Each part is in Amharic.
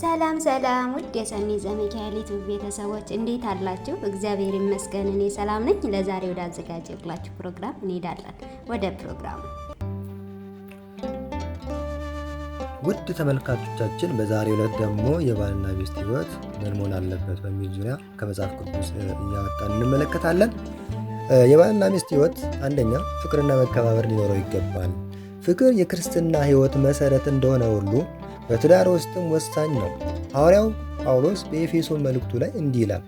ሰላም ሰላም ውድ የሰኒ ዘሚካኤል ቤተሰቦች እንዴት አላችሁ? እግዚአብሔር ይመስገን እኔ ሰላም ነኝ። ለዛሬ ወደ አዘጋጀሁላችሁ ፕሮግራም እንሄዳለን። ወደ ፕሮግራሙ። ውድ ተመልካቾቻችን በዛሬው ዕለት ደግሞ የባልና ሚስት ሕይወት ምን መሆን አለበት በሚል ዙሪያ ከመጽሐፍ ቅዱስ እያወጣን እንመለከታለን። የባልና ሚስት ሕይወት አንደኛ ፍቅርና መከባበር ሊኖረው ይገባል። ፍቅር የክርስትና ሕይወት መሰረት እንደሆነ ሁሉ በትዳር ውስጥም ወሳኝ ነው። ሐዋርያው ጳውሎስ በኤፌሶን መልእክቱ ላይ እንዲህ ይላል፣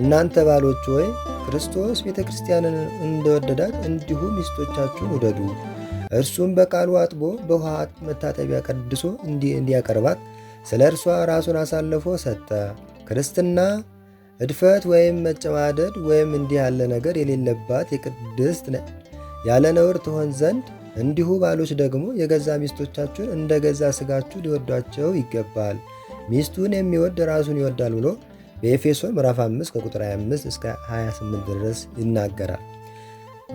እናንተ ባሎች ሆይ ክርስቶስ ቤተ ክርስቲያንን እንደወደዳት እንዲሁ ሚስቶቻችሁን ውደዱ። እርሱም በቃሉ አጥቦ በውሃ መታጠቢያ ቀድሶ እንዲያቀርባት ስለ እርሷ ራሱን አሳልፎ ሰጠ። ክርስትና እድፈት ወይም መጨማደድ ወይም እንዲህ ያለ ነገር የሌለባት የቅድስት ያለ ነውር ትሆን ዘንድ እንዲሁ ባሎች ደግሞ የገዛ ሚስቶቻችሁን እንደ ገዛ ስጋችሁ ሊወዷቸው ይገባል። ሚስቱን የሚወድ ራሱን ይወዳል ብሎ በኤፌሶን ምዕራፍ 5 ከቁጥር 25 እስከ 28 ድረስ ይናገራል።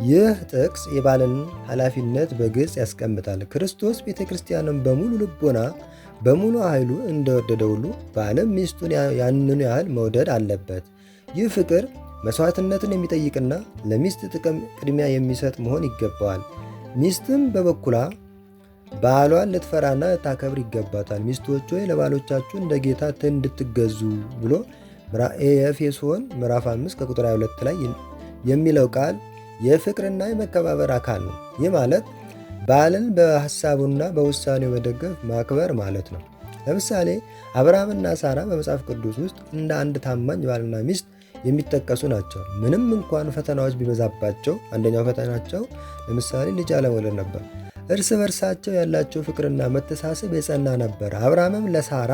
ይህ ጥቅስ የባልን ኃላፊነት በግልጽ ያስቀምጣል። ክርስቶስ ቤተ ክርስቲያንን በሙሉ ልቦና በሙሉ ኃይሉ እንደወደደ ሁሉ ባልም ሚስቱን ያንኑ ያህል መውደድ አለበት። ይህ ፍቅር መስዋዕትነትን የሚጠይቅና ለሚስት ጥቅም ቅድሚያ የሚሰጥ መሆን ይገባዋል። ሚስትም በበኩላ ባሏን ልትፈራና ልታከብር ይገባታል። ሚስቶች ሆይ ለባሎቻችሁ እንደ ጌታ እንድትገዙ ብሎ ኤፌሶን ምዕራፍ 5 ከቁጥር 22 ላይ የሚለው ቃል የፍቅርና የመከባበር አካል ነው። ይህ ማለት ባልን በሐሳቡና በውሳኔው መደገፍ ማክበር ማለት ነው። ለምሳሌ አብርሃምና ሳራ በመጽሐፍ ቅዱስ ውስጥ እንደ አንድ ታማኝ ባልና ሚስት የሚጠቀሱ ናቸው። ምንም እንኳን ፈተናዎች ቢበዛባቸው አንደኛው ፈተናቸው ለምሳሌ ልጅ አለመውለድ ነበር። እርስ በርሳቸው ያላቸው ፍቅርና መተሳሰብ የጸና ነበር። አብርሃምም ለሳራ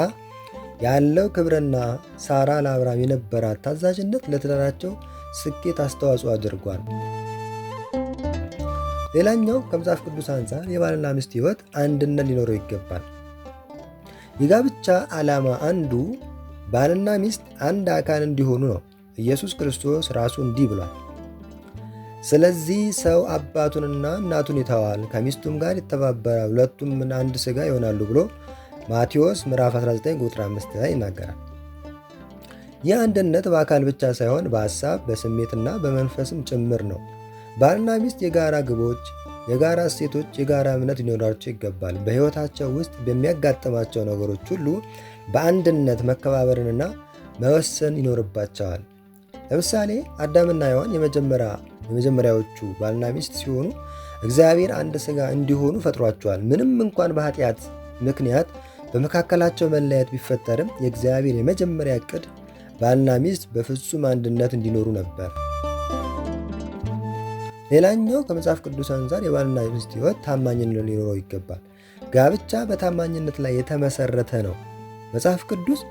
ያለው ክብርና ሳራ ለአብርሃም የነበራት ታዛዥነት ለትዳራቸው ስኬት አስተዋጽኦ አድርጓል። ሌላኛው ከመጽሐፍ ቅዱስ አንጻር የባልና ሚስት ሕይወት አንድነት ሊኖረው ይገባል። የጋብቻ ዓላማ አንዱ ባልና ሚስት አንድ አካል እንዲሆኑ ነው። ኢየሱስ ክርስቶስ ራሱ እንዲህ ብሏል፣ ስለዚህ ሰው አባቱንና እናቱን ይተዋል፣ ከሚስቱም ጋር ይተባበራል፣ ሁለቱም አንድ ሥጋ ይሆናሉ ብሎ ማቴዎስ ምዕራፍ 19 ቁጥር 5 ላይ ይናገራል። ይህ አንድነት በአካል ብቻ ሳይሆን በሐሳብ በስሜትና በመንፈስም ጭምር ነው። ባልና ሚስት የጋራ ግቦች፣ የጋራ እሴቶች፣ የጋራ እምነት ሊኖራቸው ይገባል። በሕይወታቸው ውስጥ በሚያጋጥማቸው ነገሮች ሁሉ በአንድነት መከባበርንና መወሰን ይኖርባቸዋል። ለምሳሌ አዳምና ሔዋን የመጀመሪያዎቹ ባልና ሚስት ሲሆኑ እግዚአብሔር አንድ ሥጋ እንዲሆኑ ፈጥሯቸዋል። ምንም እንኳን በኃጢአት ምክንያት በመካከላቸው መለያየት ቢፈጠርም የእግዚአብሔር የመጀመሪያ እቅድ ባልና ሚስት በፍጹም አንድነት እንዲኖሩ ነበር። ሌላኛው ከመጽሐፍ ቅዱስ አንጻር የባልና ሚስት ሕይወት ታማኝነት ሊኖረው ይገባል። ጋብቻ በታማኝነት ላይ የተመሰረተ ነው። መጽሐፍ ቅዱስ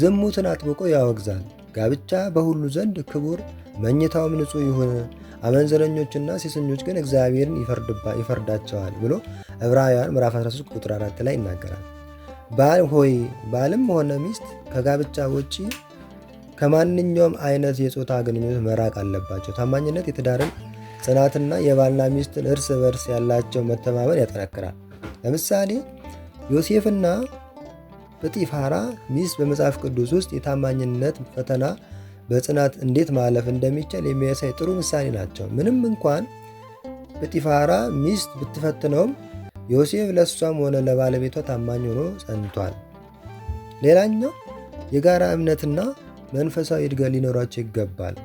ዝሙትን አጥብቆ ያወግዛል። ጋብቻ በሁሉ ዘንድ ክቡር፣ መኝታውም ንጹሕ ይሁን፣ አመንዘረኞችና ሴሰኞች ግን እግዚአብሔርን ይፈርዳቸዋል ብሎ ዕብራውያን ምዕራፍ 13 ቁጥር 4 ላይ ይናገራል። ባል ሆይ ባልም ሆነ ሚስት ከጋብቻ ውጪ ከማንኛውም አይነት የጾታ ግንኙነት መራቅ አለባቸው። ታማኝነት የትዳርን ጽናትና የባልና ሚስትን እርስ በርስ ያላቸው መተማመን ያጠናክራል። ለምሳሌ ዮሴፍና በጢፋራ ሚስት በመጽሐፍ ቅዱስ ውስጥ የታማኝነት ፈተና በጽናት እንዴት ማለፍ እንደሚቻል የሚያሳይ ጥሩ ምሳሌ ናቸው። ምንም እንኳን በጢፋራ ሚስት ብትፈትነውም ዮሴፍ ለእሷም ሆነ ለባለቤቷ ታማኝ ሆኖ ጸንቷል። ሌላኛው የጋራ እምነትና መንፈሳዊ እድገት ሊኖራቸው ይገባል።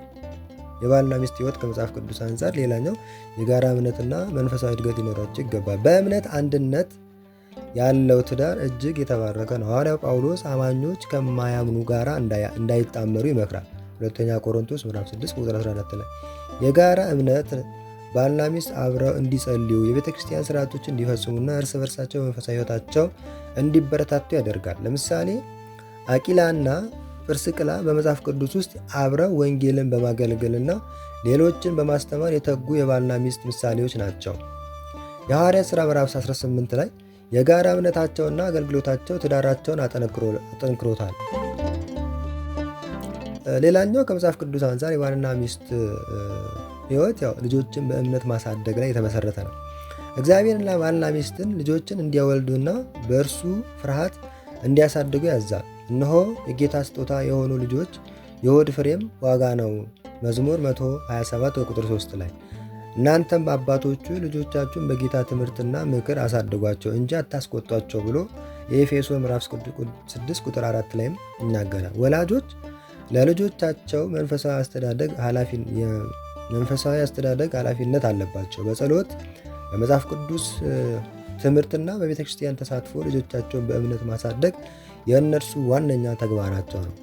የባልና ሚስት ህይወት ከመጽሐፍ ቅዱስ አንጻር ሌላኛው የጋራ እምነትና መንፈሳዊ እድገት ሊኖራቸው ይገባል። በእምነት አንድነት ያለው ትዳር እጅግ የተባረከ ነው። ሐዋርያው ጳውሎስ አማኞች ከማያምኑ ጋር እንዳይጣመሩ ይመክራል። ሁለተኛ ቆሮንቶስ ምዕራፍ 6 ቁጥር 14 ላይ የጋራ እምነት ባልና ሚስት አብረው እንዲጸልዩ የቤተ ክርስቲያን ስርዓቶች እንዲፈጽሙና እርስ በርሳቸው መንፈሳዊ ሕይወታቸው እንዲበረታቱ ያደርጋል። ለምሳሌ አቂላና ጵርስቅላ በመጽሐፍ ቅዱስ ውስጥ አብረው ወንጌልን በማገልገልና ሌሎችን በማስተማር የተጉ የባልና ሚስት ምሳሌዎች ናቸው። የሐዋርያ ሥራ ምዕራፍ 18 ላይ የጋራ እምነታቸውና አገልግሎታቸው ትዳራቸውን አጠንክሮታል። ሌላኛው ከመጽሐፍ ቅዱስ አንጻር የባልና ሚስት ህይወት ያው ልጆችን በእምነት ማሳደግ ላይ የተመሰረተ ነው። እግዚአብሔርና ባልና ሚስትን ልጆችን እንዲያወልዱና በእርሱ ፍርሃት እንዲያሳድጉ ያዛል። እነሆ የጌታ ስጦታ የሆኑ ልጆች የሆድ ፍሬም ዋጋ ነው። መዝሙር 127 ቁጥር 3 ላይ እናንተም አባቶቹ ልጆቻችሁን በጌታ ትምህርትና ምክር አሳድጓቸው እንጂ አታስቆጧቸው ብሎ የኤፌሶ ምዕራፍ 6 ቁጥር 4 ላይም ይናገራል። ወላጆች ለልጆቻቸው መንፈሳዊ አስተዳደግ መንፈሳዊ አስተዳደግ ኃላፊነት አለባቸው። በጸሎት በመጽሐፍ ቅዱስ ትምህርትና በቤተ ክርስቲያን ተሳትፎ ልጆቻቸውን በእምነት ማሳደግ የእነርሱ ዋነኛ ተግባራቸው ነው።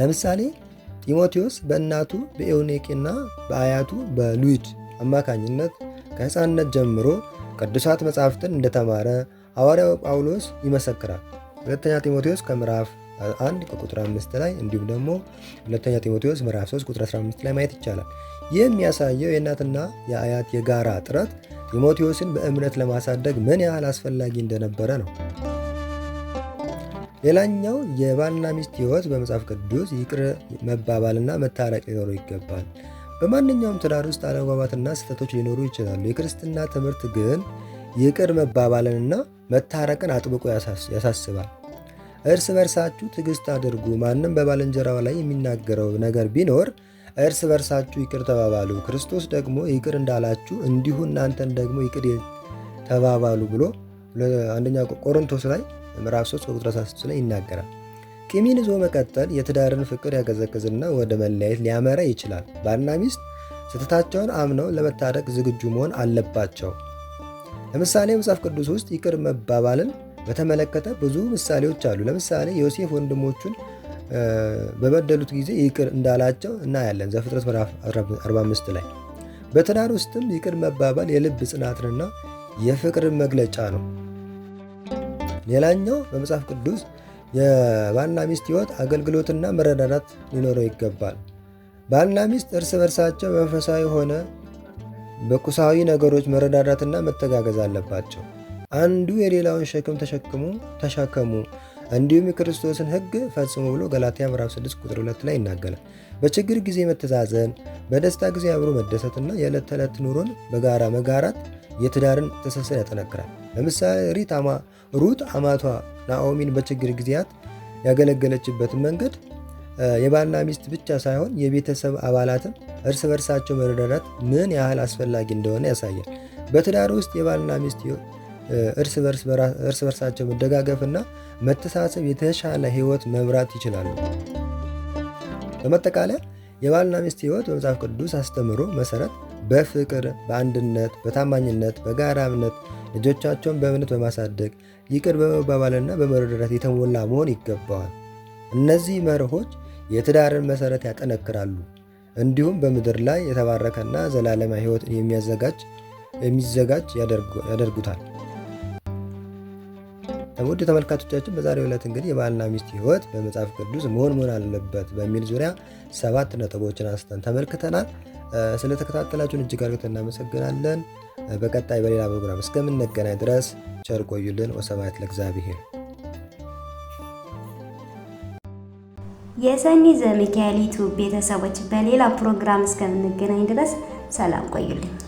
ለምሳሌ ጢሞቴዎስ በእናቱ በኤውኔቄና በአያቱ በሉዊድ አማካኝነት ከሕፃንነት ጀምሮ ቅዱሳት መጻሕፍትን እንደተማረ ሐዋርያው ጳውሎስ ይመሰክራል። ሁለተኛ ጢሞቴዎስ ከምዕራፍ 1 ቁጥር 5 ላይ እንዲሁም ደግሞ ሁለተኛ ጢሞቴዎስ ምዕራፍ 3 ቁጥር 15 ላይ ማየት ይቻላል። ይህ የሚያሳየው የእናትና የአያት የጋራ ጥረት ጢሞቴዎስን በእምነት ለማሳደግ ምን ያህል አስፈላጊ እንደነበረ ነው። ሌላኛው የባልና ሚስት ሕይወት በመጽሐፍ ቅዱስ ይቅር መባባልና መታረቅ ሊኖረው ይገባል። በማንኛውም ትዳር ውስጥ አለመግባባትና ስህተቶች ሊኖሩ ይችላሉ። የክርስትና ትምህርት ግን ይቅር መባባልንና መታረቅን አጥብቆ ያሳስባል። እርስ በርሳችሁ ትዕግስት አድርጉ፣ ማንም በባልንጀራው ላይ የሚናገረው ነገር ቢኖር እርስ በርሳችሁ ይቅር ተባባሉ፣ ክርስቶስ ደግሞ ይቅር እንዳላችሁ እንዲሁ እናንተን ደግሞ ይቅር ተባባሉ ብሎ አንደኛ ቆሮንቶስ ላይ ምዕራፍ 3 ቁጥር 16 ላይ ይናገራል። ቂምን ይዞ መቀጠል የትዳርን ፍቅር ያቀዘቅዝና ወደ መለያየት ሊያመራ ይችላል። ባልና ሚስት ስህተታቸውን አምነው ለመታረቅ ዝግጁ መሆን አለባቸው። ለምሳሌ መጽሐፍ ቅዱስ ውስጥ ይቅር መባባልን በተመለከተ ብዙ ምሳሌዎች አሉ። ለምሳሌ ዮሴፍ ወንድሞቹን በበደሉት ጊዜ ይቅር እንዳላቸው እናያለን ዘፍጥረት ምዕራፍ 45 ላይ። በትዳር ውስጥም ይቅር መባባል የልብ ጽናትንና የፍቅርን መግለጫ ነው። ሌላኛው በመጽሐፍ ቅዱስ የባልና ሚስት ህይወት አገልግሎትና መረዳዳት ሊኖረው ይገባል። ባልና ሚስት እርስ በርሳቸው መንፈሳዊ ሆነ በቁሳዊ ነገሮች መረዳዳትና መተጋገዝ አለባቸው። አንዱ የሌላውን ሸክም ተሸክሙ ተሸከሙ እንዲሁም የክርስቶስን ሕግ ፈጽሙ ብሎ ገላትያ ምዕራፍ 6 ቁጥር 2 ላይ ይናገራል። በችግር ጊዜ መተዛዘን፣ በደስታ ጊዜ አብሮ መደሰትና የዕለት ተዕለት ኑሮን በጋራ መጋራት የትዳርን ትስስር ያጠነክራል። ለምሳሌ ሩት አማቷ ናኦሚን በችግር ጊዜያት ያገለገለችበትን መንገድ የባልና ሚስት ብቻ ሳይሆን የቤተሰብ አባላትም እርስ በርሳቸው መረዳዳት ምን ያህል አስፈላጊ እንደሆነ ያሳያል። በትዳር ውስጥ የባልና ሚስት እርስ በርሳቸው መደጋገፍና መተሳሰብ የተሻለ ህይወት መምራት ይችላሉ። በመጠቃለያ የባልና ሚስት ህይወት በመጽሐፍ ቅዱስ አስተምሮ መሰረት በፍቅር በአንድነት በታማኝነት በጋራ እምነት ልጆቻቸውን በእምነት በማሳደግ ይቅር በመባባልና በመረዳዳት የተሞላ መሆን ይገባዋል። እነዚህ መርሆች የትዳርን መሠረት ያጠነክራሉ፣ እንዲሁም በምድር ላይ የተባረከና ዘላለማ ህይወት የሚያዘጋጅ የሚዘጋጅ ያደርጉታል። ውድ ተመልካቾቻችን በዛሬው ዕለት እንግዲህ የባልና ሚስት ሕይወት በመጽሐፍ ቅዱስ መሆን መሆን አለበት በሚል ዙሪያ ሰባት ነጥቦችን አንስተን ተመልክተናል። ስለተከታተላችሁን እጅግ አድርገን እናመሰግናለን። በቀጣይ በሌላ ፕሮግራም እስከምንገናኝ ድረስ ቸር ቆዩልን። ወስብሐት ለእግዚአብሔር። የሰኒ ዘሚካኤል ቤተሰቦች በሌላ ፕሮግራም እስከምንገናኝ ድረስ ሰላም ቆዩልኝ።